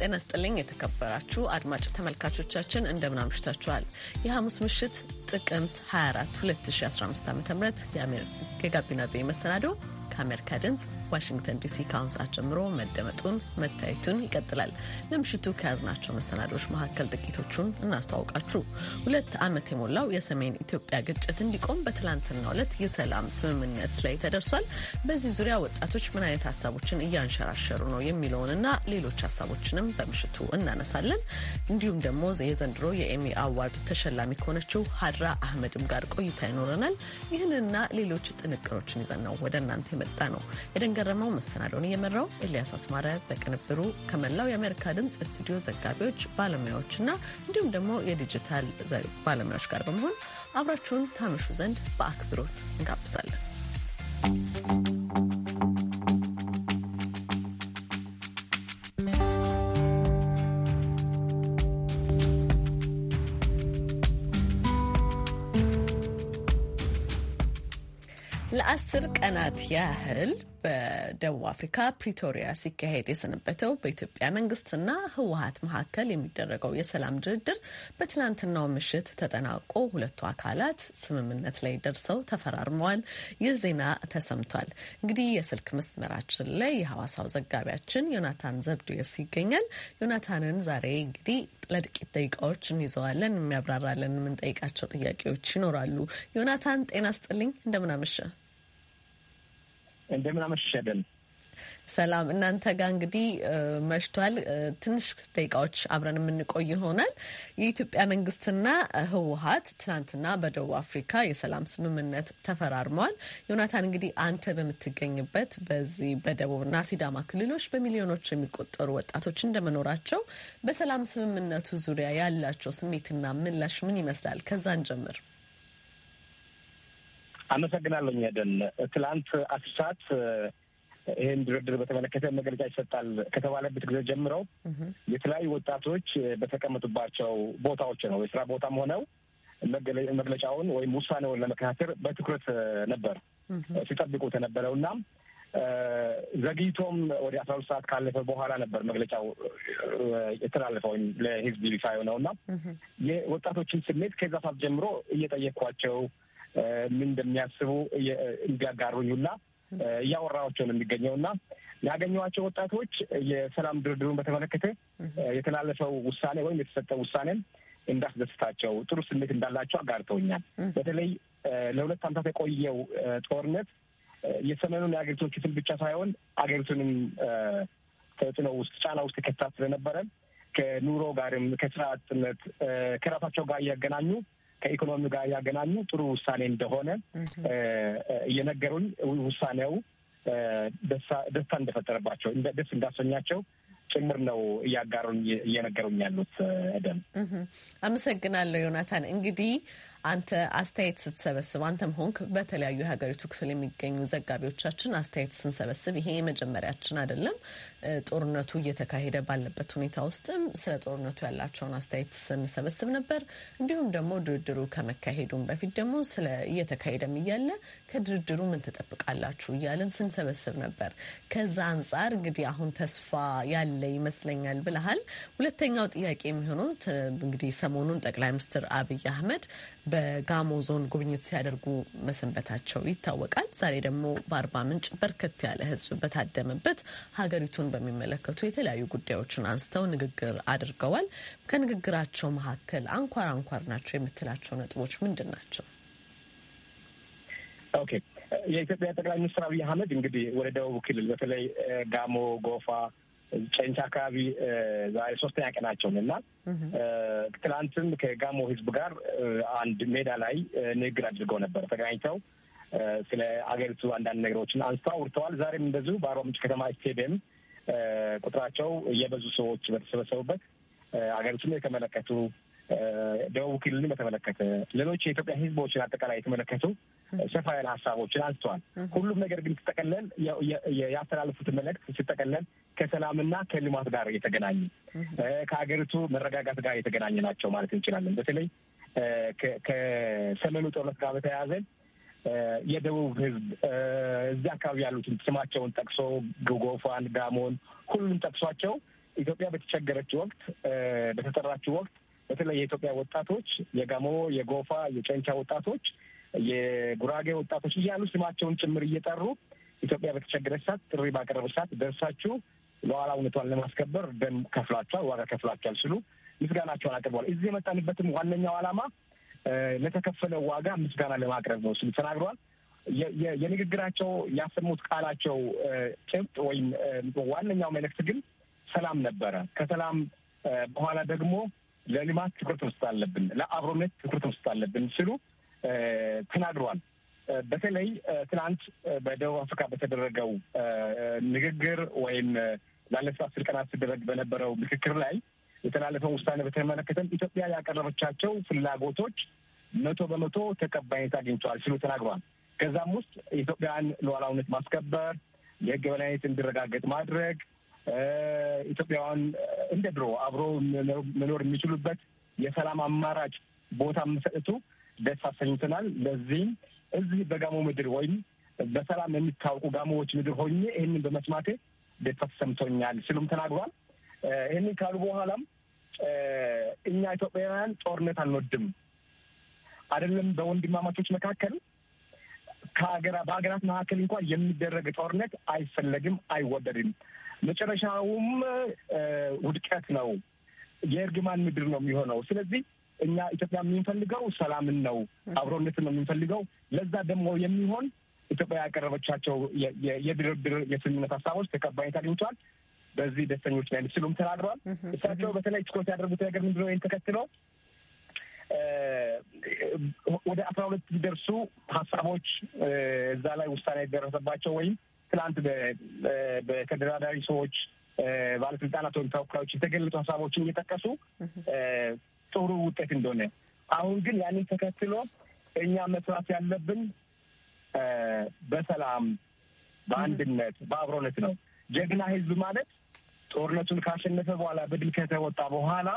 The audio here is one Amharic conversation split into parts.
ጤና ስጥልኝ የተከበራችሁ አድማጭ ተመልካቾቻችን እንደምን አምሽታችኋል። የሐሙስ ምሽት ጥቅምት 24 2015 ዓ ም የጋቢና ቤ መሰናዶ ከአሜሪካ ድምፅ ዋሽንግተን ዲሲ ከአሁን ሰዓት ጀምሮ መደመጡን መታየቱን ይቀጥላል። ለምሽቱ ከያዝናቸው መሰናዶች መካከል ጥቂቶቹን እናስተዋውቃችሁ። ሁለት ዓመት የሞላው የሰሜን ኢትዮጵያ ግጭት እንዲቆም በትላንትናው ዕለት የሰላም ስምምነት ላይ ተደርሷል። በዚህ ዙሪያ ወጣቶች ምን አይነት ሀሳቦችን እያንሸራሸሩ ነው የሚለውንና ሌሎች ሀሳቦችንም በምሽቱ እናነሳለን። እንዲሁም ደግሞ የዘንድሮ የኤሚ አዋርድ ተሸላሚ ከሆነችው ሀድራ አህመድም ጋር ቆይታ ይኖረናል። ይህንና ሌሎች ጥንቅሮችን ይዘን ነው ወደ እናንተ የወጣ ነው። የደንገረመው መሰናዶን እየመራው ኤልያስ አስማረ በቅንብሩ ከመላው የአሜሪካ ድምፅ የስቱዲዮ ዘጋቢዎች፣ ባለሙያዎችና እንዲሁም ደግሞ የዲጂታል ባለሙያዎች ጋር በመሆን አብራችሁን ታመሹ ዘንድ በአክብሮት እንጋብዛለን። ለአስር ቀናት ያህል በደቡብ አፍሪካ ፕሪቶሪያ ሲካሄድ የሰነበተው በኢትዮጵያ መንግስትና ህወሀት መካከል የሚደረገው የሰላም ድርድር በትናንትናው ምሽት ተጠናቆ ሁለቱ አካላት ስምምነት ላይ ደርሰው ተፈራርመዋል። ይህ ዜና ተሰምቷል። እንግዲህ የስልክ መስመራችን ላይ የሐዋሳው ዘጋቢያችን ዮናታን ዘብዴዎስ ይገኛል። ዮናታንን ዛሬ እንግዲህ ለጥቂት ደቂቃዎች እንይዘዋለን። የሚያብራራለን፣ የምንጠይቃቸው ጥያቄዎች ይኖራሉ። ዮናታን ጤና ስጥልኝ፣ እንደምናመሸ እንደምን አመሸደን። ሰላም እናንተ ጋር እንግዲህ መሽቷል። ትንሽ ደቂቃዎች አብረን የምንቆይ ይሆናል። የኢትዮጵያ መንግስትና ህወሀት ትናንትና በደቡብ አፍሪካ የሰላም ስምምነት ተፈራርመዋል። ዮናታን እንግዲህ አንተ በምትገኝበት በዚህ በደቡብና ሲዳማ ክልሎች በሚሊዮኖች የሚቆጠሩ ወጣቶች እንደመኖራቸው በሰላም ስምምነቱ ዙሪያ ያላቸው ስሜትና ምላሽ ምን ይመስላል? ከዛን ጀምር አመሰግናለሁኝ ደን ትላንት አስር ሰዓት ይህን ድርድር በተመለከተ መግለጫ ይሰጣል ከተባለበት ጊዜ ጀምረው የተለያዩ ወጣቶች በተቀመጡባቸው ቦታዎች ነው የስራ ቦታም ሆነው መግለጫውን ወይም ውሳኔውን ለመከታተል በትኩረት ነበር ሲጠብቁት የነበረው እና ዘግይቶም ወደ አስራ ሁለት ሰዓት ካለፈ በኋላ ነበር መግለጫው የተላለፈ ወይም ለህዝብ ይፋ የሆነው እና የወጣቶችን ስሜት ከዛ ሰዓት ጀምሮ እየጠየኳቸው ምን እንደሚያስቡ እንዲያጋሩኝ ሁላ እያወራኋቸው ነው የሚገኘው እና ያገኘኋቸው ወጣቶች የሰላም ድርድሩን በተመለከተ የተላለፈው ውሳኔ ወይም የተሰጠው ውሳኔን እንዳስደስታቸው ጥሩ ስሜት እንዳላቸው አጋርተውኛል። በተለይ ለሁለት ዓመታት የቆየው ጦርነት የሰሜኑን የአገሪቱን ክፍል ብቻ ሳይሆን አገሪቱንም ተጽዕኖ ውስጥ ጫና ውስጥ የከታት ስለነበረ ከኑሮ ጋርም ከስራ አጥነት ከራሳቸው ጋር እያገናኙ ከኢኮኖሚ ጋር ያገናኙ ጥሩ ውሳኔ እንደሆነ እየነገሩኝ ውሳኔው ደስታ እንደፈጠረባቸው ደስ እንዳሰኛቸው ጭምር ነው እያጋሩኝ እየነገሩኝ ያሉት። ደም አመሰግናለሁ ዮናታን። እንግዲህ አንተ አስተያየት ስትሰበስብ አንተም ሆንክ በተለያዩ የሀገሪቱ ክፍል የሚገኙ ዘጋቢዎቻችን አስተያየት ስንሰበስብ ይሄ የመጀመሪያችን አይደለም። ጦርነቱ እየተካሄደ ባለበት ሁኔታ ውስጥም ስለ ጦርነቱ ያላቸውን አስተያየት ስንሰበስብ ነበር። እንዲሁም ደግሞ ድርድሩ ከመካሄዱም በፊት ደግሞ ስለ እየተካሄደም እያለ ከድርድሩ ምን ትጠብቃላችሁ እያለን ስንሰበስብ ነበር። ከዛ አንጻር እንግዲህ አሁን ተስፋ ያለ ይመስለኛል ብለሃል። ሁለተኛው ጥያቄ የሚሆኑት እንግዲህ ሰሞኑን ጠቅላይ ሚኒስትር አብይ አህመድ በጋሞ ዞን ጉብኝት ሲያደርጉ መሰንበታቸው ይታወቃል። ዛሬ ደግሞ በአርባ ምንጭ በርከት ያለ ሕዝብ በታደመበት ሀገሪቱን በሚመለከቱ የተለያዩ ጉዳዮችን አንስተው ንግግር አድርገዋል። ከንግግራቸው መካከል አንኳር አንኳር ናቸው የምትላቸው ነጥቦች ምንድን ናቸው? ኦኬ የኢትዮጵያ ጠቅላይ ሚኒስትር አብይ አህመድ እንግዲህ ወደ ደቡብ ክልል በተለይ ጋሞ፣ ጎፋ ጨንቻ አካባቢ ዛሬ ሶስተኛ ቀናቸውን እና ትናንትም ከጋሞ ህዝብ ጋር አንድ ሜዳ ላይ ንግግር አድርገው ነበር። ተገናኝተው ስለ አገሪቱ አንዳንድ ነገሮችን አንስተው አውርተዋል። ዛሬም እንደዚሁ በአርባ ምንጭ ከተማ ስቴዲየም ቁጥራቸው የበዙ ሰዎች በተሰበሰቡበት አገሪቱን የተመለከቱ ደቡብ ክልልን በተመለከተ ሌሎች የኢትዮጵያ ህዝቦችን አጠቃላይ የተመለከቱ ሰፋ ያለ ሀሳቦችን አንስተዋል። ሁሉም ነገር ግን ሲጠቀለል ያስተላለፉትን መልእክት ሲጠቀለል ከሰላምና ከልማት ጋር የተገናኙ ከሀገሪቱ መረጋጋት ጋር የተገናኙ ናቸው ማለት እንችላለን። በተለይ ከሰሜኑ ጦርነት ጋር በተያያዘ የደቡብ ህዝብ እዚህ አካባቢ ያሉትን ስማቸውን ጠቅሶ ጎፋን፣ ጋሞን ሁሉም ጠቅሷቸው ኢትዮጵያ በተቸገረችው ወቅት በተጠራችው ወቅት በተለይ የኢትዮጵያ ወጣቶች የጋሞ፣ የጎፋ፣ የጨንቻ ወጣቶች፣ የጉራጌ ወጣቶች እያሉ ስማቸውን ጭምር እየጠሩ ኢትዮጵያ በተቸገረች ሰዓት ጥሪ ባቀረበች ሰዓት ደርሳችሁ እውነቷን ለማስከበር ደም ከፍላችኋል፣ ዋጋ ከፍላችኋል ሲሉ ምስጋናቸውን አቅርበዋል። እዚህ የመጣንበትም ዋነኛው ዓላማ ለተከፈለው ዋጋ ምስጋና ለማቅረብ ነው ሲሉ ተናግረዋል። የንግግራቸው ያሰሙት ቃላቸው ጭብጥ ወይም ዋነኛው መልእክት ግን ሰላም ነበረ። ከሰላም በኋላ ደግሞ ለልማት ትኩረት መስጠት አለብን፣ ለአብሮነት ትኩረት መስጠት አለብን ሲሉ ተናግሯል። በተለይ ትናንት በደቡብ አፍሪካ በተደረገው ንግግር ወይም ላለፉት አስር ቀናት ሲደረግ በነበረው ምክክር ላይ የተላለፈውን ውሳኔ በተመለከተም ኢትዮጵያ ያቀረበቻቸው ፍላጎቶች መቶ በመቶ ተቀባይነት አግኝተዋል ሲሉ ተናግሯል። ከዛም ውስጥ የኢትዮጵያን ሉዓላዊነት ማስከበር፣ የህግ የበላይነት እንዲረጋገጥ ማድረግ ኢትዮጵያውያን እንደ ድሮ አብሮ መኖር የሚችሉበት የሰላም አማራጭ ቦታ መሰጠቱ ደስ አሰኝተናል። ለዚህም እዚህ በጋሞ ምድር ወይም በሰላም የሚታወቁ ጋሞዎች ምድር ሆኜ ይህንን በመስማቴ ደስታ ተሰምቶኛል ሲሉም ተናግሯል። ይህንን ካሉ በኋላም እኛ ኢትዮጵያውያን ጦርነት አንወድም አይደለም በወንድማማቾች መካከል ከሀገራ በሀገራት መካከል እንኳን የሚደረግ ጦርነት አይፈለግም፣ አይወደድም። መጨረሻውም ውድቀት ነው፣ የእርግማን ምድር ነው የሚሆነው። ስለዚህ እኛ ኢትዮጵያ የምንፈልገው ሰላምን ነው፣ አብሮነትን ነው የምንፈልገው። ለዛ ደግሞ የሚሆን ኢትዮጵያ ያቀረበቻቸው የድርድር የስምምነት ሀሳቦች ተቀባይነት አግኝቷል። በዚህ ደስተኞች ላይ ሲሉም ተናግረዋል። እሳቸው በተለይ ትኩረት ያደረጉት ነገር ምንድን ነው? ይህን ተከትለው ወደ አስራ ሁለት ሊደርሱ ሀሳቦች እዛ ላይ ውሳኔ የተደረሰባቸው ወይም ትላንት በተደራዳሪ ሰዎች ባለስልጣናት ወይም ተወካዮች የተገለጡ ሀሳቦችን እየጠቀሱ ጥሩ ውጤት እንደሆነ አሁን ግን ያንን ተከትሎ እኛ መስራት ያለብን በሰላም በአንድነት በአብሮነት ነው። ጀግና ህዝብ ማለት ጦርነቱን ካሸነፈ በኋላ በድል ከተወጣ በኋላ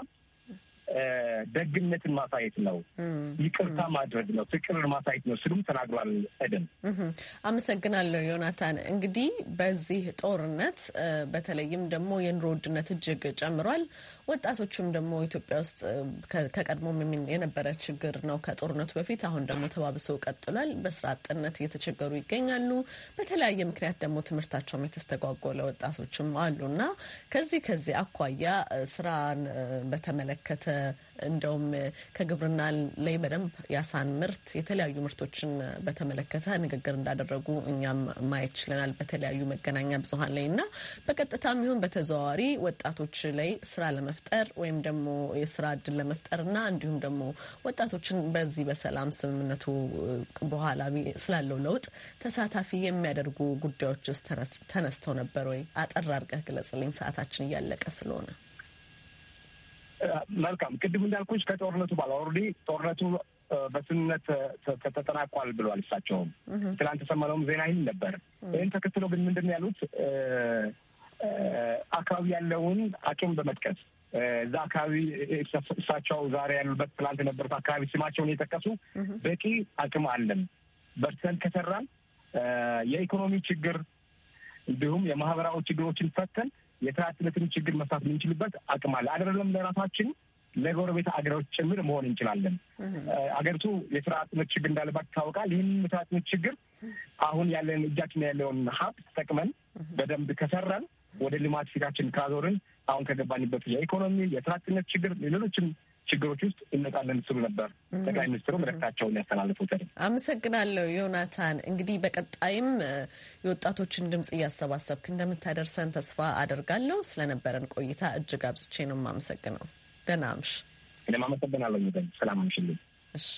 ደግነትን ማሳየት ነው፣ ይቅርታ ማድረግ ነው፣ ፍቅርን ማሳየት ነው ስሉም ተናግሯል። እድም አመሰግናለሁ። ዮናታን እንግዲህ በዚህ ጦርነት በተለይም ደግሞ የኑሮ ውድነት እጅግ ጨምሯል። ወጣቶቹም ደግሞ ኢትዮጵያ ውስጥ ከቀድሞም የነበረ ችግር ነው ከጦርነቱ በፊት አሁን ደግሞ ተባብሶ ቀጥሏል። በስራ አጥነት እየተቸገሩ ይገኛሉ። በተለያየ ምክንያት ደግሞ ትምህርታቸውም የተስተጓጎለ ወጣቶችም እና ከዚህ ከዚህ አኳያ ስራን በተመለከተ እንደውም ከግብርና ላይ በደንብ ያሳን ምርት የተለያዩ ምርቶችን በተመለከተ ንግግር እንዳደረጉ እኛም ማየት ችለናል በተለያዩ መገናኛ ብዙኃን ላይ እና በቀጥታ የሚሆን በተዘዋዋሪ ወጣቶች ላይ ስራ ለመፍጠር ወይም ደግሞ የስራ እድል ለመፍጠር እና እንዲሁም ደግሞ ወጣቶችን በዚህ በሰላም ስምምነቱ በኋላ ስላለው ለውጥ ተሳታፊ የሚያደርጉ ጉዳዮች ውስጥ ተነስተው ነበር ወይ? አጠር አድርገህ ግለጽልኝ፣ ሰዓታችን እያለቀ ስለሆነ። መልካም ቅድም እንዳልኩች ከጦርነቱ በኋላ ኦልሬዲ ጦርነቱ በስምምነት ተጠናቋል ብሏል። እሳቸውም ትላንት የሰማነውም ዜና ይህን ነበር። ይህን ተከትሎ ግን ምንድን ነው ያሉት? አካባቢ ያለውን አቅም በመጥቀስ እዛ አካባቢ እሳቸው ዛሬ ያሉበት ትላንት የነበሩት አካባቢ ስማቸውን የጠቀሱ በቂ አቅም አለን በርሰን ከሰራን የኢኮኖሚ ችግር እንዲሁም የማህበራዊ ችግሮችን ፈተን የትራንስለትን ችግር መፍታት የምንችልበት አቅም አለ። አይደለም ለራሳችን ለጎረቤት አገሮች ጭምር መሆን እንችላለን። አገሪቱ የስራ አጥነት ችግር እንዳለባት ይታወቃል። ይህን የስራ አጥነት ችግር አሁን ያለን እጃችን ያለውን ሀብት ተጠቅመን በደንብ ከሰራን ወደ ልማት ፊታችን ካዞርን አሁን ከገባንበት የኢኮኖሚ የስራ አጥነት ችግር ሌሎችም ችግሮች ውስጥ ይመጣለን ስሉ ነበር ጠቅላይ ሚኒስትሩ መልእክታቸውን ያስተላልፉት። አመሰግናለሁ ዮናታን። እንግዲህ በቀጣይም የወጣቶችን ድምጽ እያሰባሰብክ እንደምታደርሰን ተስፋ አደርጋለሁ። ስለነበረን ቆይታ እጅግ አብዝቼ ነው የማመሰግነው። ደህና አምሽ። እኔም አመሰግናለሁ። ይበል ሰላም አምሽልኝ። እሺ፣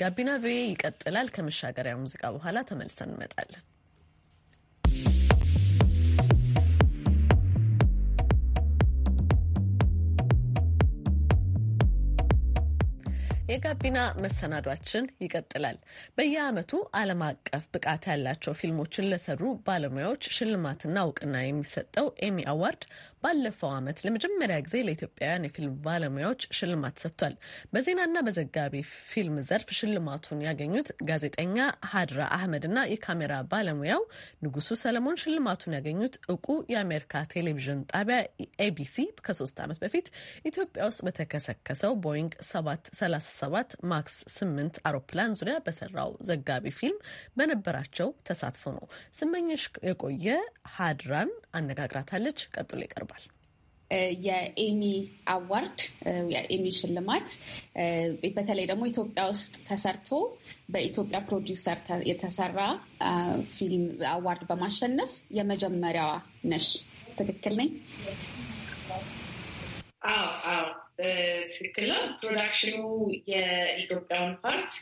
ጋቢና ቪኦኤ ይቀጥላል። ከመሻገሪያ ሙዚቃ በኋላ ተመልሰን እንመጣለን። የጋቢና መሰናዷችን ይቀጥላል። በየዓመቱ ዓለም አቀፍ ብቃት ያላቸው ፊልሞችን ለሰሩ ባለሙያዎች ሽልማትና እውቅና የሚሰጠው ኤሚ አዋርድ ባለፈው ዓመት ለመጀመሪያ ጊዜ ለኢትዮጵያውያን የፊልም ባለሙያዎች ሽልማት ሰጥቷል። በዜናና በዘጋቢ ፊልም ዘርፍ ሽልማቱን ያገኙት ጋዜጠኛ ሀድራ አህመድና የካሜራ ባለሙያው ንጉሱ ሰለሞን ሽልማቱን ያገኙት እውቁ የአሜሪካ ቴሌቪዥን ጣቢያ ኤቢሲ ከሶስት ዓመት በፊት ኢትዮጵያ ውስጥ በተከሰከሰው ቦይንግ 7 ሰላሳ ሰባት ማክስ ስምንት አውሮፕላን ዙሪያ በሰራው ዘጋቢ ፊልም በነበራቸው ተሳትፎ ነው። ስመኝሽ የቆየ ሀድራን አነጋግራታለች። ቀጥሎ ይቀርባል። የኤሚ አዋርድ የኤሚ ሽልማት በተለይ ደግሞ ኢትዮጵያ ውስጥ ተሰርቶ በኢትዮጵያ ፕሮዲውሰር የተሰራ ፊልም አዋርድ በማሸነፍ የመጀመሪያዋ ነሽ። ትክክል ነኝ? አዎ አዎ። በትክክል ፕሮዳክሽኑ የኢትዮጵያውን ፓርት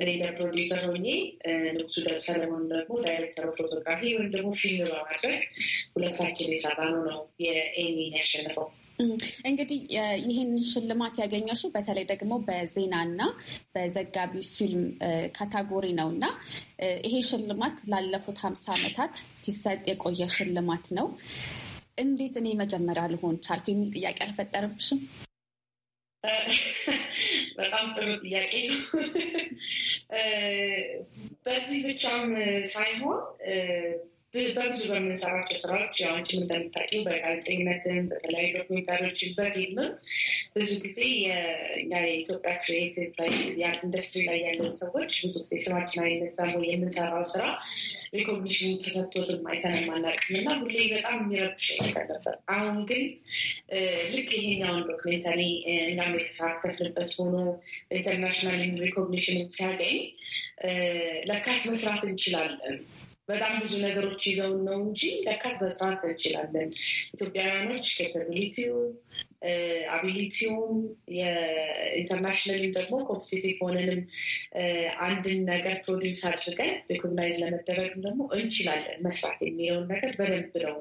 እኔ ለፕሮዲሰር ሆኜ ንጉሱ ሰለሞን ደግሞ ዳይሬክተር ፎቶግራፊ ወይም ደግሞ ፊልም በማድረግ ሁለታችን የሰራነው ነው የኤሚን ያሸነፈው። እንግዲህ ይህን ሽልማት ያገኘሽው በተለይ ደግሞ በዜና እና በዘጋቢ ፊልም ካታጎሪ ነው እና ይሄ ሽልማት ላለፉት ሀምሳ ዓመታት ሲሰጥ የቆየ ሽልማት ነው። እንዴት እኔ መጀመሪያ ልሆን ቻልኩ የሚል ጥያቄ አልፈጠረብሽም? በጣም ጥሩ ጥያቄ ነው። በዚህ ብቻም ሳይሆን በብዙ በምንሰራቸው ስራዎች ያዎችን እንደምታውቂው በጋዜጠኝነትን በተለያዩ ዶክሜንታሪዎችን በፊልምም ብዙ ጊዜ የእኛ የኢትዮጵያ ክሬቲቭ ኢንዱስትሪ ላይ ያለን ሰዎች ብዙ ጊዜ ስማችን አይነሳ ወይ የምንሰራው ስራ ሪኮግኒሽን ተሰጥቶትም አይተንም አናውቅም እና ሁሌ በጣም የሚረብሽ ነገር ነበር። አሁን ግን ልክ ይሄኛውን ዶክሜንታሪ እኛም የተሳተፍንበት ሆኖ ኢንተርናሽናል ሪኮግኒሽን ሲያገኝ ለካስ መስራት እንችላለን በጣም ብዙ ነገሮች ይዘውን ነው እንጂ ለካስ መስራት እንችላለን። ኢትዮጵያውያኖች ኬፐብሊቲው አቢሊቲውም የኢንተርናሽናልም ደግሞ ኮምፒቴቲቭ ሆነንም አንድን ነገር ፕሮዲውስ አድርገን ሪኮግናይዝ ለመደረግም ደግሞ እንችላለን መስራት የሚለውን ነገር በደንብ ነው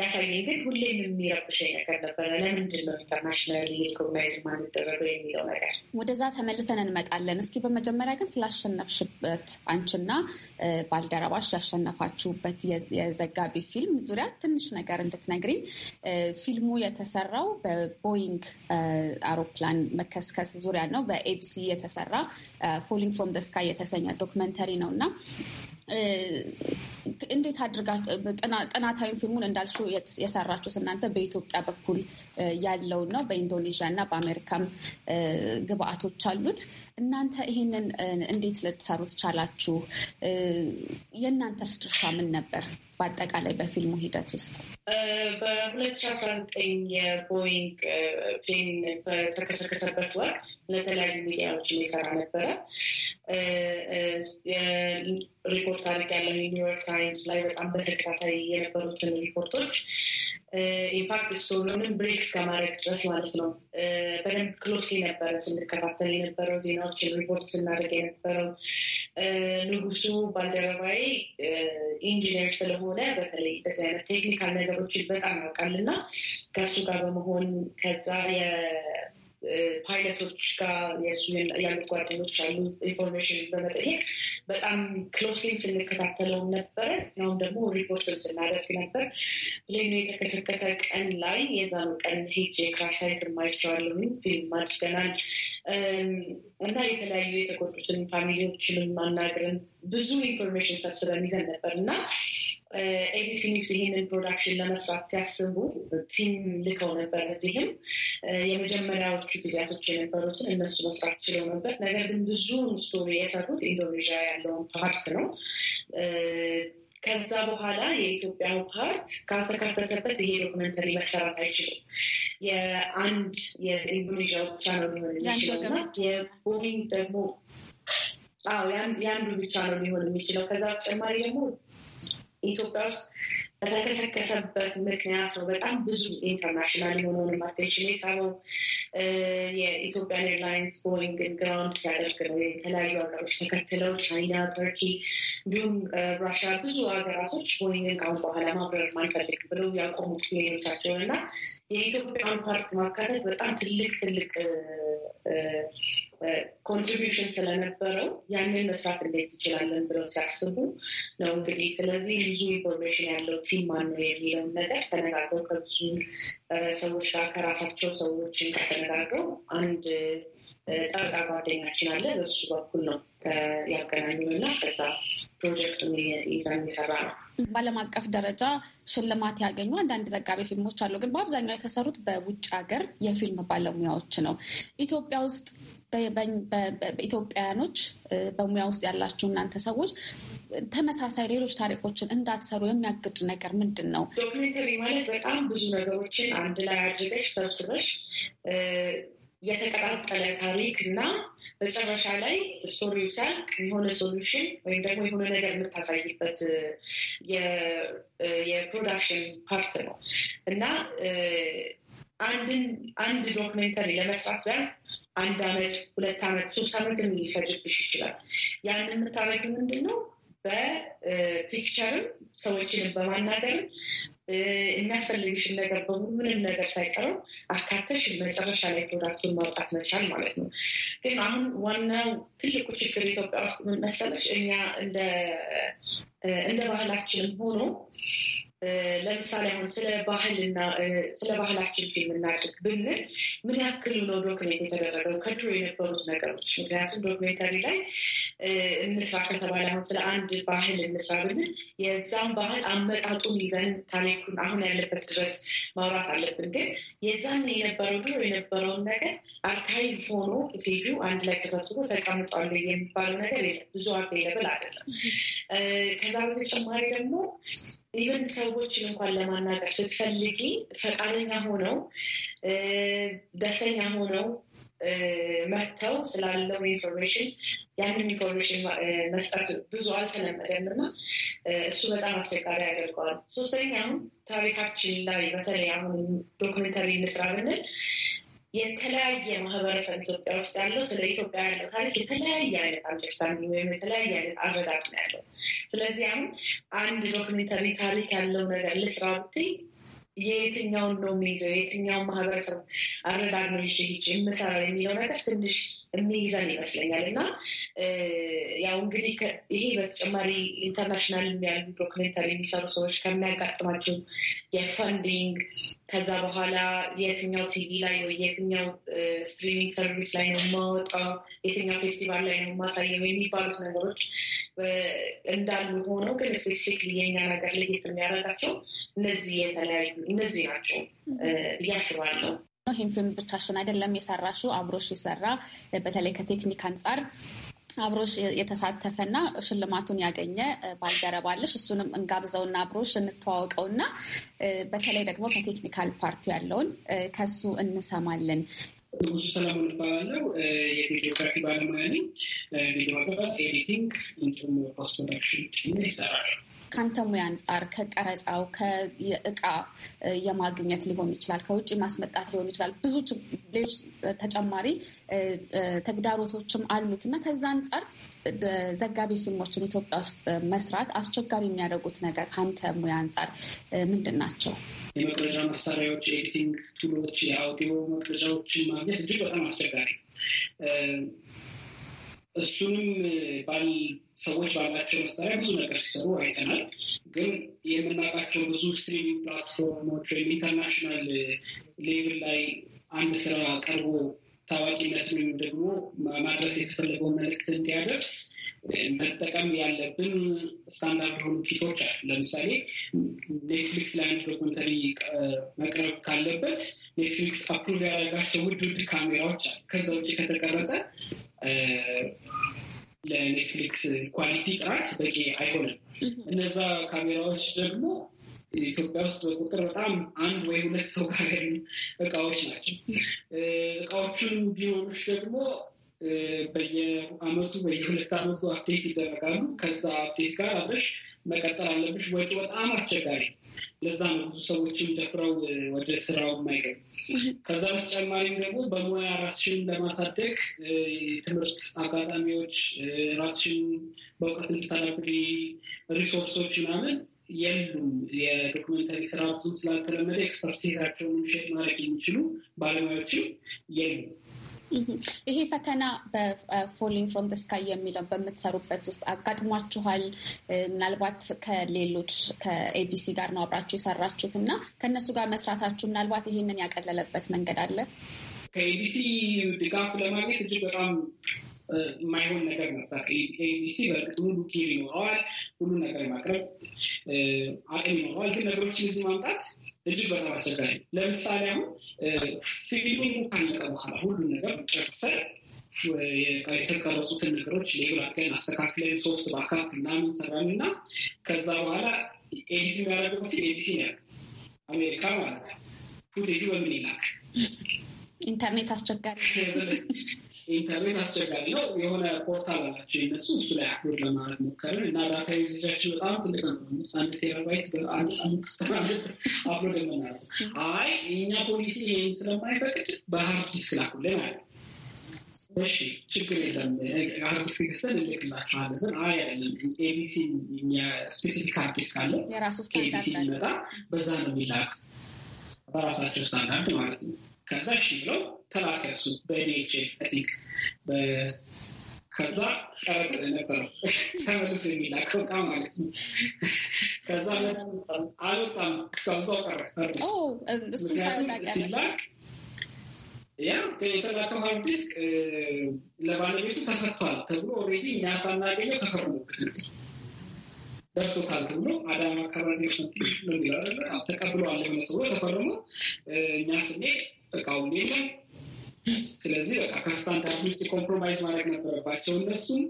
ያሳየኝ ግን ሁሌም የሚረብሸኝ ነገር ነበረ። ለምንድን ነው ኢንተርናሽናል ሪኮግናይዝ ማንደረገው የሚለው ነገር። ወደዛ ተመልሰን እንመጣለን። እስኪ በመጀመሪያ ግን ስላሸነፍሽበት አንቺና ባልደረባሽ ያሸነፋችሁበት የዘጋቢ ፊልም ዙሪያ ትንሽ ነገር እንድትነግሪኝ። ፊልሙ የተሰራው በቦይንግ አውሮፕላን መከስከስ ዙሪያ ነው። በኤቢሲ የተሰራ ፎሊንግ ፍሮም ደስካይ የተሰኘ ዶክመንተሪ ነው እና እንዴት አድርጋ ጥናታዊ ፊልሙን እንዳልሹ የሰራችሁት እናንተ በኢትዮጵያ በኩል ያለው ነው። በኢንዶኔዥያ እና በአሜሪካም ግብአቶች አሉት። እናንተ ይሄንን እንዴት ልትሰሩት ቻላችሁ? የእናንተ ስድርሻ ምን ነበር? በአጠቃላይ በፊልሙ ሂደት ውስጥ በሁለት ሺህ አስራ ዘጠኝ የቦይንግ ፕሌን በተከሰከሰበት ወቅት ለተለያዩ ሚዲያዎች የሚሰራ ነበረ። ሪፖርት አድርግ ያለው ኒውዮርክ ታይምስ ላይ በጣም በተከታታይ የነበሩትን ሪፖርቶች ኢንፋክት እሱ ምንም ብሬክስ ከማድረግ ድረስ ማለት ነው። በደንብ ክሎስ ነበረ ስንከታተል የነበረው ዜናዎችን ሪፖርት ስናደርግ የነበረው። ንጉሱ ባልደረባዬ ኢንጂነር ስለሆነ በተለይ እንደዚህ አይነት ቴክኒካል ነገሮችን በጣም ያውቃል እና ከእሱ ጋር በመሆን ከዛ ፓይለቶች ጋር የእሱ ያሉት ጓደኞች አሉ ኢንፎርሜሽን በመጠየቅ በጣም ክሎስሊ ስንከታተለው ነበረ። አሁን ደግሞ ሪፖርትን ስናደርግ ነበር። ፕሌኑ የተከሰከሰ ቀን ላይ የዛኑ ቀን ሄጅ የክራሽ ሳይት ማይቸዋለሁ ፊልም አድርገናል እና የተለያዩ የተጎዱትን ፋሚሊዎችንም ማናገርን ብዙ ኢንፎርሜሽን ሰብስበን ይዘን ነበር እና ኤቢሲ ኒውስ ይህንን ፕሮዳክሽን ለመስራት ሲያስቡ ቲም ልከው ነበር። እዚህም የመጀመሪያዎቹ ጊዜያቶች የነበሩትን እነሱ መስራት ችለው ነበር። ነገር ግን ብዙውን ስቶሪ የሰሩት ኢንዶኔዥያ ያለውን ፓርት ነው። ከዛ በኋላ የኢትዮጵያ ፓርት ካልተካተተበት ይሄ ዶክመንተሪ መሰራት አይችልም። የአንድ የኢንዶኔዥያ ብቻ ነው ሊሆን የሚችለውና የቦይንግ ደግሞ የአንዱ ብቻ ነው ሊሆን የሚችለው ከዛ በተጨማሪ ደግሞ ኢትዮጵያ ውስጥ በተከሰከሰበት ምክንያት ነው። በጣም ብዙ ኢንተርናሽናል የሆነውን አቴንሽን የሳበው የኢትዮጵያን ኤርላይንስ ቦይንግን ግራውንድ ሲያደርግ ነው። የተለያዩ ሀገሮች ተከትለው ቻይና፣ ተርኪ እንዲሁም ራሽያ፣ ብዙ ሀገራቶች ቦይንግን ካሁን በኋላ ማብረር ማንፈልግ ብለው ያቆሙት ሌሎቻቸውን እና የኢትዮጵያን ፓርት ማካተት በጣም ትልቅ ትልቅ ኮንትሪቢሽን ስለነበረው ያንን መስራት እንዴት ይችላለን ብለው ሲያስቡ ነው እንግዲህ። ስለዚህ ብዙ ኢንፎርሜሽን ያለው ቲም ማን ነው የሚለውን ነገር ተነጋግረው ከብዙ ሰዎች ጋር ከራሳቸው ሰዎች ተነጋግረው አንድ ጠበቃ ጓደኛችን አለ። በሱ በኩል ነው እና ከዛ ፕሮጀክቱን ይዘን የሚሰራ ነው። በዓለም አቀፍ ደረጃ ሽልማት ያገኙ አንዳንድ ዘጋቢ ፊልሞች አሉ፣ ግን በአብዛኛው የተሰሩት በውጭ ሀገር የፊልም ባለሙያዎች ነው። ኢትዮጵያ ውስጥ በኢትዮጵያውያኖች በሙያ ውስጥ ያላችሁ እናንተ ሰዎች ተመሳሳይ ሌሎች ታሪኮችን እንዳትሰሩ የሚያግድ ነገር ምንድን ነው? ዶክሜንተሪ ማለት በጣም ብዙ ነገሮችን አንድ ላይ አድርገሽ ሰብስበሽ የተቀጣጠለ ታሪክ እና መጨረሻ ላይ ስቶሪው ሲያልቅ የሆነ ሶሉሽን ወይም ደግሞ የሆነ ነገር የምታሳይበት የፕሮዳክሽን ፓርት ነው እና አንድን አንድ ዶክሜንተሪ ለመስራት ቢያንስ አንድ አመት፣ ሁለት አመት፣ ሶስት አመት ሊፈጅብሽ ይችላል። ያን የምታደርጊው ምንድን ነው? በፒክቸርም ሰዎችንም በማናገርም የሚያስፈልግሽን ነገር በሙሉ ምንም ነገር ሳይቀረው አካተሽ መጨረሻ ላይ ፕሮዳክቱን ማውጣት መቻል ማለት ነው። ግን አሁን ዋናው ትልቁ ችግር ኢትዮጵያ ውስጥ ምን መሰለሽ፣ እኛ እንደ ባህላችንም ሆኖ ለምሳሌ አሁን ስለ ባህልና ስለ ባህላችን ፊልም እናድርግ ብንል ምን ያክል ነው ዶክሜንት የተደረገው ከድሮ የነበሩት ነገሮች? ምክንያቱም ዶክሜንታሪ ላይ እንስራ ከተባለ አሁን ስለ አንድ ባህል እንስራ ብንል የዛን ባህል አመጣጡን ይዘን ታሪኩን አሁን ያለበት ድረስ ማውራት አለብን። ግን የዛን የነበረው ድሮ የነበረውን ነገር አርካይቭ ሆኖ ፉቴጁ አንድ ላይ ተሰብስቦ ተቀምጧል የሚባለው ነገር ብዙ አቬለብል አይደለም። ከዛ በተጨማሪ ደግሞ ኢቨን ሰዎችን እንኳን ለማናገር ስትፈልጊ ፈቃደኛ ሆነው ደስተኛ ሆነው መጥተው ስላለው ኢንፎርሜሽን ያንን ኢንፎርሜሽን መስጠት ብዙ አልተለመደም እና እሱ በጣም አስቸጋሪ ያደርገዋል። ሶስተኛም ታሪካችን ላይ በተለይ አሁን ዶክመንተሪ እንስራ ብንል የተለያየ ማህበረሰብ ኢትዮጵያ ውስጥ ያለው ስለ ኢትዮጵያ ያለው ታሪክ የተለያየ አይነት አንደርስታንዲንግ ወይም የተለያየ አይነት አረዳድ ነው ያለው። ስለዚህ አሁን አንድ ዶክሜንተሪ ታሪክ ያለው ነገር ልስራ ብትይ የየትኛውን ነው የሚይዘው የየትኛውን ማህበረሰብ አረዳድ ነው ይዤ የምሰራ የሚለው ነገር ትንሽ የሚይዘን ይመስለኛል እና ያው እንግዲህ ይሄ በተጨማሪ ኢንተርናሽናል ያሉ ዶክመንተሪ የሚሰሩ ሰዎች ከሚያጋጥማቸው የፈንዲንግ ከዛ በኋላ የትኛው ቲቪ ላይ ነው የትኛው ስትሪሚንግ ሰርቪስ ላይ ነው የማወጣው የትኛው ፌስቲቫል ላይ ነው የማሳየው የሚባሉት ነገሮች እንዳሉ ሆኖ ግን ስፔሲፊክ የኛ ነገር ለየት የሚያደርጋቸው እነዚህ የተለያዩ እነዚህ ናቸው ብዬ ይህም ፊልም ብቻሽን አይደለም የሰራሽው፣ አብሮሽ የሰራ በተለይ ከቴክኒክ አንጻር አብሮሽ የተሳተፈና ሽልማቱን ያገኘ ባልደረባለሽ አለሽ። እሱንም እንጋብዘውና አብሮሽ እንተዋወቀውና በተለይ ደግሞ ከቴክኒካል ፓርቲ ያለውን ከሱ እንሰማለን። ንጉሱ ሰለሞን እባላለሁ። የቪዲዮግራፊ ባለሙያ ነኝ። ቪዲዮግራፍ፣ ኤዲቲንግ እንዲሁም ፖስት ፕሮዳክሽን ይሰራል። ከአንተ ሙያ አንጻር ከቀረጻው ከእቃ የማግኘት ሊሆን ይችላል፣ ከውጭ ማስመጣት ሊሆን ይችላል። ብዙ ሌሎች ተጨማሪ ተግዳሮቶችም አሉት እና ከዛ አንጻር ዘጋቢ ፊልሞችን ኢትዮጵያ ውስጥ መስራት አስቸጋሪ የሚያደርጉት ነገር ከአንተ ሙያ አንጻር ምንድን ናቸው? የመቅረጫ መሳሪያዎች፣ ኤዲቲንግ ቱሎች፣ የአውዲዮ መቅረጫዎችን ማግኘት እጅግ በጣም አስቸጋሪ እሱንም ሰዎች ባላቸው መሳሪያ ብዙ ነገር ሲሰሩ አይተናል። ግን የምናውቃቸው ብዙ ስትሪሚንግ ፕላትፎርሞች ወይም ኢንተርናሽናል ሌቭል ላይ አንድ ስራ ቀርቦ ታዋቂነት ወይም ደግሞ ማድረስ የተፈለገውን መልእክት እንዲያደርስ መጠቀም ያለብን ስታንዳርድ ሆኑ ኪቶች አሉ። ለምሳሌ ኔትፍሊክስ ላይ አንድ ዶኩመንተሪ መቅረብ ካለበት ኔትፍሊክስ አፕሩቭ ያደረጋቸው ውድ ውድ ካሜራዎች አሉ። ከዛ ውጭ ከተቀረጸ ለኔትፍሊክስ ኳሊቲ ጥራት በቂ አይሆንም። እነዛ ካሜራዎች ደግሞ ኢትዮጵያ ውስጥ በቁጥር በጣም አንድ ወይ ሁለት ሰው ጋር ያሉ እቃዎች ናቸው። እቃዎቹን ቢኖሮች ደግሞ በየአመቱ በየሁለት አመቱ አፕዴት ይደረጋሉ። ከዛ አፕዴት ጋር አብረሽ መቀጠል አለብሽ። ወጪ በጣም አስቸጋሪ ለዛ ነው ብዙ ሰዎችም ደፍረው ወደ ስራው የማይገቡ። ከዛ በተጨማሪም ደግሞ በሙያ ራስሽን ለማሳደግ የትምህርት አጋጣሚዎች ራስሽን በእውቀት እንድታዳብሪ ሪሶርሶች ምናምን የሉም። የዶክመንታሪ ስራ ብዙም ስላልተለመደ ኤክስፐርቲዛቸውን ሼር ማድረግ የሚችሉ ባለሙያዎችም የሉም። ይሄ ፈተና በፎሊንግ ፍሮም ስካይ የሚለው በምትሰሩበት ውስጥ አጋጥሟችኋል? ምናልባት ከሌሎች ከኤቢሲ ጋር ነው አብራችሁ የሰራችሁት እና ከእነሱ ጋር መስራታችሁ ምናልባት ይሄንን ያቀለለበት መንገድ አለ? ከኤቢሲ ድጋፍ ለማግኘት እጅግ በጣም የማይሆን ነገር ነበር። ኤቢሲ በእርግጥ ሙሉ ኪር ይኖረዋል፣ ሁሉ ነገር ማቅረብ አቅም ይኖረዋል። ግን ነገሮችን እዚህ ማምጣት እጅግ በጣም አስቸጋሪ ነው። ለምሳሌ አሁን ፊልሚንግ ካለቀ በኋላ ሁሉን ነገር ጨርሰ የተቀረጹትን ነገሮች ሌብል አድርገን አስተካክለን ሶስት ባካፕ ምናምን ሰራን እና ከዛ በኋላ ኤዲሲ የሚያደርገበት ኤዲሲ ነው አሜሪካ ማለት ነው። ፉቴጅ በምን ይላክ ኢንተርኔት አስቸጋሪ ኢንተርኔት አስቸጋሪ ነው። የሆነ ፖርታል አላቸው የነሱ እሱ ላይ አፕሎድ ለማድረግ ሞከርን እና ዳታ ዩዜጃችን በጣም ትልቅ ነው። አንድ ቴራባይት በአንድ ሳምንት ስተናለት አፕሎድ ለመናለ አይ የእኛ ፖሊሲ ይህን ስለማይፈቅድ በሀርድ ዲስክ ላኩልን አለ። እሺ ችግር የለም ሀርድ ዲስክ ገዝተን እንልክላቸዋለን። ስን አይ አይደለም ኤቢሲ ስፔሲፊክ ሀርድ ዲስክ አለ ኤቢሲ ይመጣ በዛ ነው የሚላክ በራሳቸው ስታንዳርድ ማለት ነው። ከዛ እሺ ብለው ተላከ እሱ በኤንኤችኤል ቲንክ ከዛ ቀረጥ ነበር ተመልሶ የሚላከው ዕቃ ማለት ነው። ከዛ አልወጣም ሰውሰው ቀረ። ምክንያቱም ሲላክ ያ የተላከው ሀርድ ዲስክ ለባለቤቱ ተሰጥቷል ተብሎ ኦልሬዲ እኛ ሳናገኘው ተፈርሞበት ነበር። ደርሶታል ተብሎ አዳማ አካባቢ ተቀብለዋል ለሆነ ሰው ተፈርሞ እኛ ስንሄድ ዕቃውን የለም ስለዚህ በቃ ከስታንዳርድ ውጭ ኮምፕሮማይዝ ማድረግ ነበረባቸው። እነሱም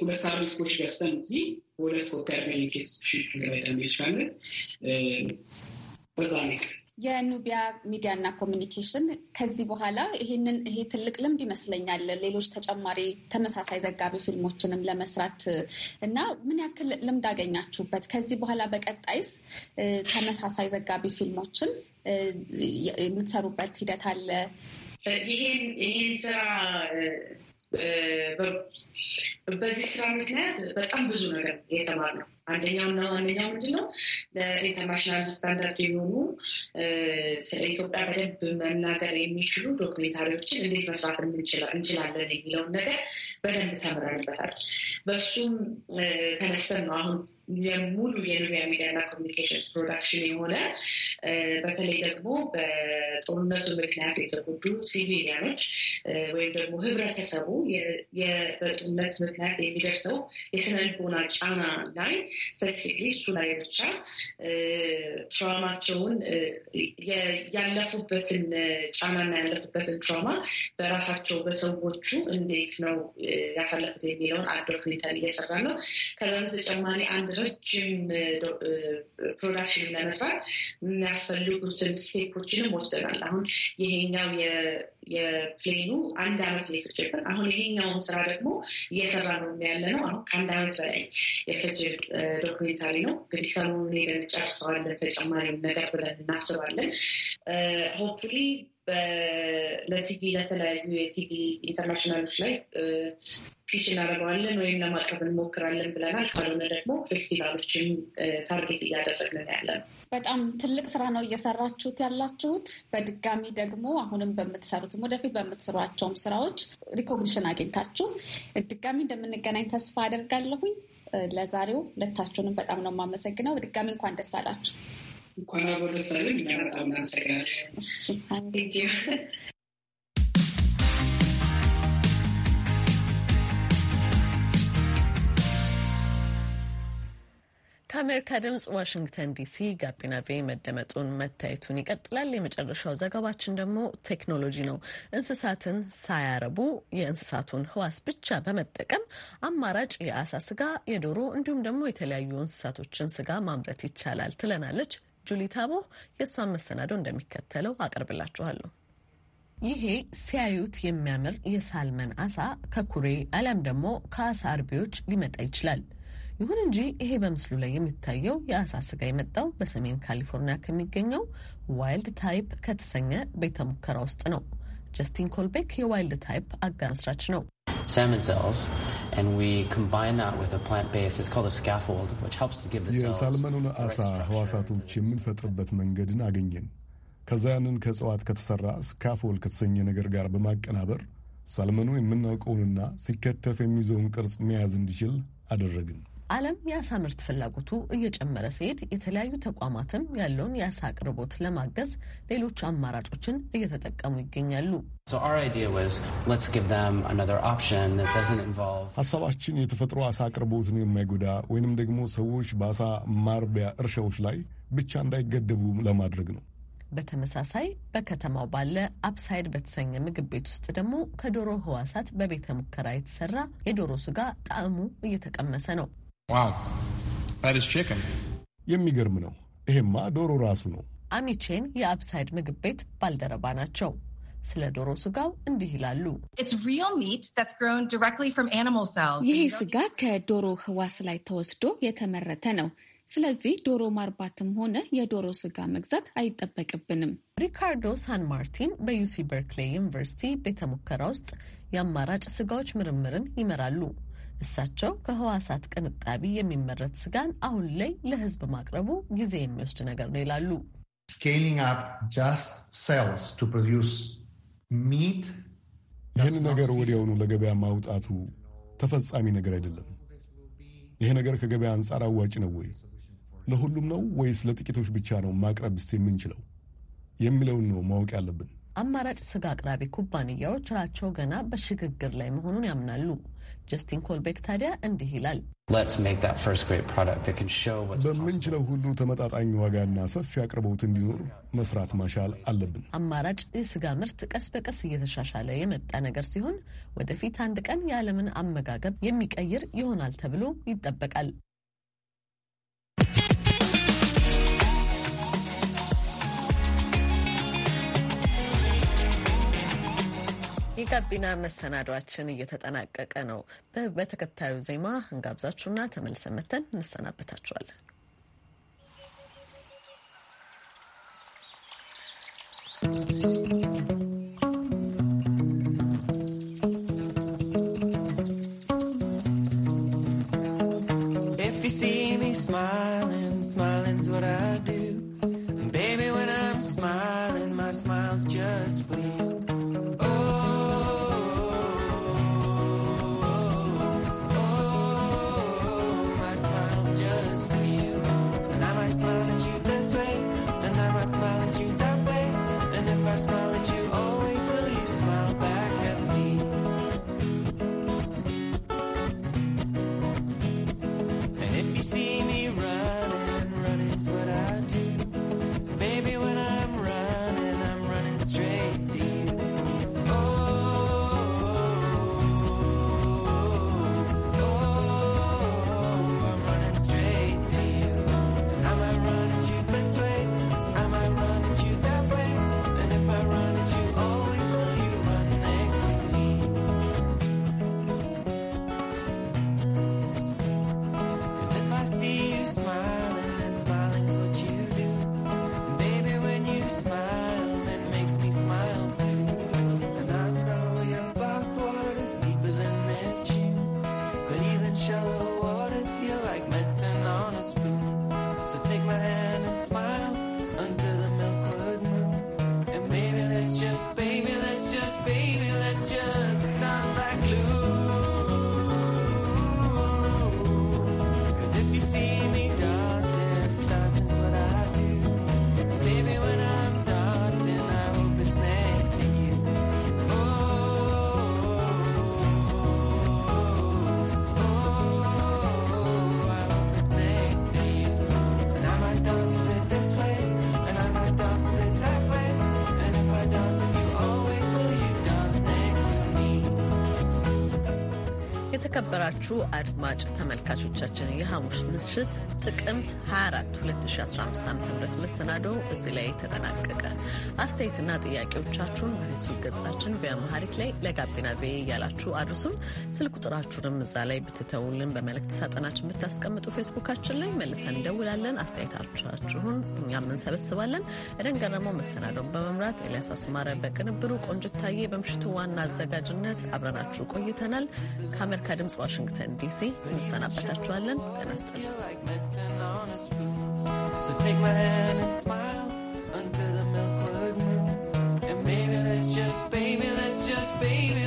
ሁለት አርቢስኮች ገዝተን እዚህ ሁለት ኮፒያር አድርገን ኢንኬስሽን ይችላለን በዛ ሜክ የኑቢያ ሚዲያ እና ኮሚኒኬሽን ከዚህ በኋላ ይሄንን ይሄ ትልቅ ልምድ ይመስለኛል ሌሎች ተጨማሪ ተመሳሳይ ዘጋቢ ፊልሞችንም ለመስራት እና ምን ያክል ልምድ አገኛችሁበት? ከዚህ በኋላ በቀጣይስ ተመሳሳይ ዘጋቢ ፊልሞችን የምትሰሩበት ሂደት አለ? ይሄን ስራ በዚህ ስራ ምክንያት በጣም ብዙ ነገር ነው። አንደኛው እና ዋነኛው ምንድን ነው ለኢንተርናሽናል ስታንዳርድ የሆኑ ስለ ኢትዮጵያ በደንብ መናገር የሚችሉ ዶክሜንታሪዎችን እንዴት መስራት እንችላለን የሚለውን ነገር በደንብ ተምረንበታል። በሱም ተነስተን ነው አሁን ሙሉ የኑቢያ ሚዲያና ኮሚኒኬሽንስ ፕሮዳክሽን የሆነ በተለይ ደግሞ በጦርነቱ ምክንያት የተጎዱ ሲቪሊያኖች ወይም ደግሞ ህብረተሰቡ በጦርነት ምክንያት የሚደርሰው የስነልቦና ጫና ላይ ስፔሲፊክሊ እሱ ላይ ብቻ ትራማቸውን ያለፉበትን ጫናና ያለፉበትን ትራማ በራሳቸው በሰዎቹ እንዴት ነው ያሳለፉት የሚለውን አዶክሜንታሪ እየሰራ ነው። ከዛ በተጨማሪ አንድ ረጅም ፕሮዳክሽን ለመስራት የሚያስፈልጉትን ስቴፖችንም ወስደናል። አሁን ይሄኛው የፕሌኑ አንድ አመት ነው የፈጀብን። አሁን ይሄኛውን ስራ ደግሞ እየሰራ ነው ያለ ነው። አሁን ከአንድ አመት በላይ የፈጀ ዶክሜንታሪ ነው። እንግዲህ ሰሞኑን ሄደን ጨርሰዋለን ተጨማሪም ነገር ብለን እናስባለን ሆፕፉሊ ለቲቪ ለተለያዩ የቲቪ ኢንተርናሽናሎች ላይ ፊች እናደርገዋለን ወይም ለማቅረብ እንሞክራለን ብለናል። ካልሆነ ደግሞ ፌስቲቫሎችን ታርጌት እያደረግን ያለ በጣም ትልቅ ስራ ነው እየሰራችሁት ያላችሁት። በድጋሚ ደግሞ አሁንም በምትሰሩትም ወደፊት በምትሰሯቸውም ስራዎች ሪኮግኒሽን አግኝታችሁ ድጋሚ እንደምንገናኝ ተስፋ አደርጋለሁኝ። ለዛሬው ሁለታችሁንም በጣም ነው የማመሰግነው። በድጋሚ እንኳን ደስ አላችሁ። እንኳን አብሮ ደስ እኛ በጣም እናመሰግናለን። ከአሜሪካ ድምጽ ዋሽንግተን ዲሲ ጋቢና ቬ መደመጡን መታየቱን ይቀጥላል። የመጨረሻው ዘገባችን ደግሞ ቴክኖሎጂ ነው። እንስሳትን ሳያረቡ የእንስሳቱን ሕዋስ ብቻ በመጠቀም አማራጭ የአሳ ስጋ፣ የዶሮ እንዲሁም ደግሞ የተለያዩ እንስሳቶችን ስጋ ማምረት ይቻላል ትለናለች ጁሊ ታቦ የእሷን መሰናዶ እንደሚከተለው አቀርብላችኋለሁ። ይሄ ሲያዩት የሚያምር የሳልመን አሳ ከኩሬ አሊያም ደግሞ ከአሳ አርቢዎች ሊመጣ ይችላል። ይሁን እንጂ ይሄ በምስሉ ላይ የሚታየው የአሳ ስጋ የመጣው በሰሜን ካሊፎርኒያ ከሚገኘው ዋይልድ ታይፕ ከተሰኘ ቤተ ሙከራ ውስጥ ነው። ጀስቲን ኮልቤክ የዋይልድ ታይፕ አጋር መስራች ነው። የሳልመኑን አሳ ህዋሳቶች የምንፈጥርበት መንገድን አገኘን። ከዛ ያንን ከእጽዋት ከተሠራ ስካፎል ከተሰኘ ነገር ጋር በማቀናበር ሳልመኑ የምናውቀውንና ሲከተፍ የሚይዘውን ቅርጽ መያዝ እንዲችል አደረግን። ዓለም የአሳ ምርት ፍላጎቱ እየጨመረ ሲሄድ የተለያዩ ተቋማትም ያለውን የአሳ አቅርቦት ለማገዝ ሌሎች አማራጮችን እየተጠቀሙ ይገኛሉ። ሀሳባችን የተፈጥሮ አሳ አቅርቦትን የማይጎዳ ወይንም ደግሞ ሰዎች በአሳ ማርቢያ እርሻዎች ላይ ብቻ እንዳይገደቡ ለማድረግ ነው። በተመሳሳይ በከተማው ባለ አፕሳይድ በተሰኘ ምግብ ቤት ውስጥ ደግሞ ከዶሮ ህዋሳት በቤተ ሙከራ የተሰራ የዶሮ ስጋ ጣዕሙ እየተቀመሰ ነው። የሚገርም ነው። ይሄማ ዶሮ ራሱ ነው። አሚቼን የአፕሳይድ ምግብ ቤት ባልደረባ ናቸው። ስለ ዶሮ ስጋው እንዲህ ይላሉ። ይሄ ስጋ ከዶሮ ህዋስ ላይ ተወስዶ የተመረተ ነው። ስለዚህ ዶሮ ማርባትም ሆነ የዶሮ ስጋ መግዛት አይጠበቅብንም። ሪካርዶ ሳን ማርቲን በዩሲ በርክሌይ ዩኒቨርሲቲ ቤተ ሙከራ ውስጥ የአማራጭ ስጋዎች ምርምርን ይመራሉ። እሳቸው ከህዋሳት ቅንጣቢ የሚመረት ስጋን አሁን ላይ ለህዝብ ማቅረቡ ጊዜ የሚወስድ ነገር ነው ይላሉ። ይህን ነገር ወዲያውኑ ለገበያ ማውጣቱ ተፈጻሚ ነገር አይደለም። ይሄ ነገር ከገበያ አንጻር አዋጭ ነው ወይ? ለሁሉም ነው ወይስ ለጥቂቶች ብቻ ነው ማቅረብስ የምንችለው የሚለውን ነው ማወቅ ያለብን። አማራጭ ስጋ አቅራቢ ኩባንያዎች ራቸው ገና በሽግግር ላይ መሆኑን ያምናሉ። ጀስቲን ኮልቤክ ታዲያ እንዲህ ይላል። በምንችለው ሁሉ ተመጣጣኝ ዋጋና ሰፊ አቅርቦት እንዲኖር መስራት ማሻል አለብን። አማራጭ የስጋ ምርት ቀስ በቀስ እየተሻሻለ የመጣ ነገር ሲሆን ወደፊት አንድ ቀን የዓለምን አመጋገብ የሚቀይር ይሆናል ተብሎ ይጠበቃል። የጋቢና መሰናዷችን እየተጠናቀቀ ነው። በተከታዩ ዜማ እንጋብዛችሁና ተመልሰን መተን እንሰናበታችኋለን። thank you የተከበራችሁ አድማጭ ተመልካቾቻችን የሐሙስ ምሽት ጥቅምት 24 2015 ዓ ም መሰናዶ እዚህ ላይ ተጠናቀቀ። አስተያየትና ጥያቄዎቻችሁን በፌስቡክ ገጻችን በአማሪክ ላይ ለጋቢና ቤ እያላችሁ አድርሱን። ስልክ ቁጥራችሁንም እዛ ላይ ብትተውልን በመልእክት ሳጥናችን ብታስቀምጡ ፌስቡካችን ላይ መልሰን እንደውላለን። አስተያየታችሁን እኛም እንሰበስባለን። ኤደን ገረመው መሰናዶውን በመምራት ኤልያስ አስማረ በቅንብሩ፣ ቆንጅታዬ በምሽቱ ዋና አዘጋጅነት አብረናችሁ ቆይተናል። ከአሜሪካ ድምፅ ዋሽንግተን ዲሲ እንሰናበታችኋለን። ጤና ይስጥልኝ። Take my hand and smile under the milk moon. And maybe that's just, baby, that's just, baby.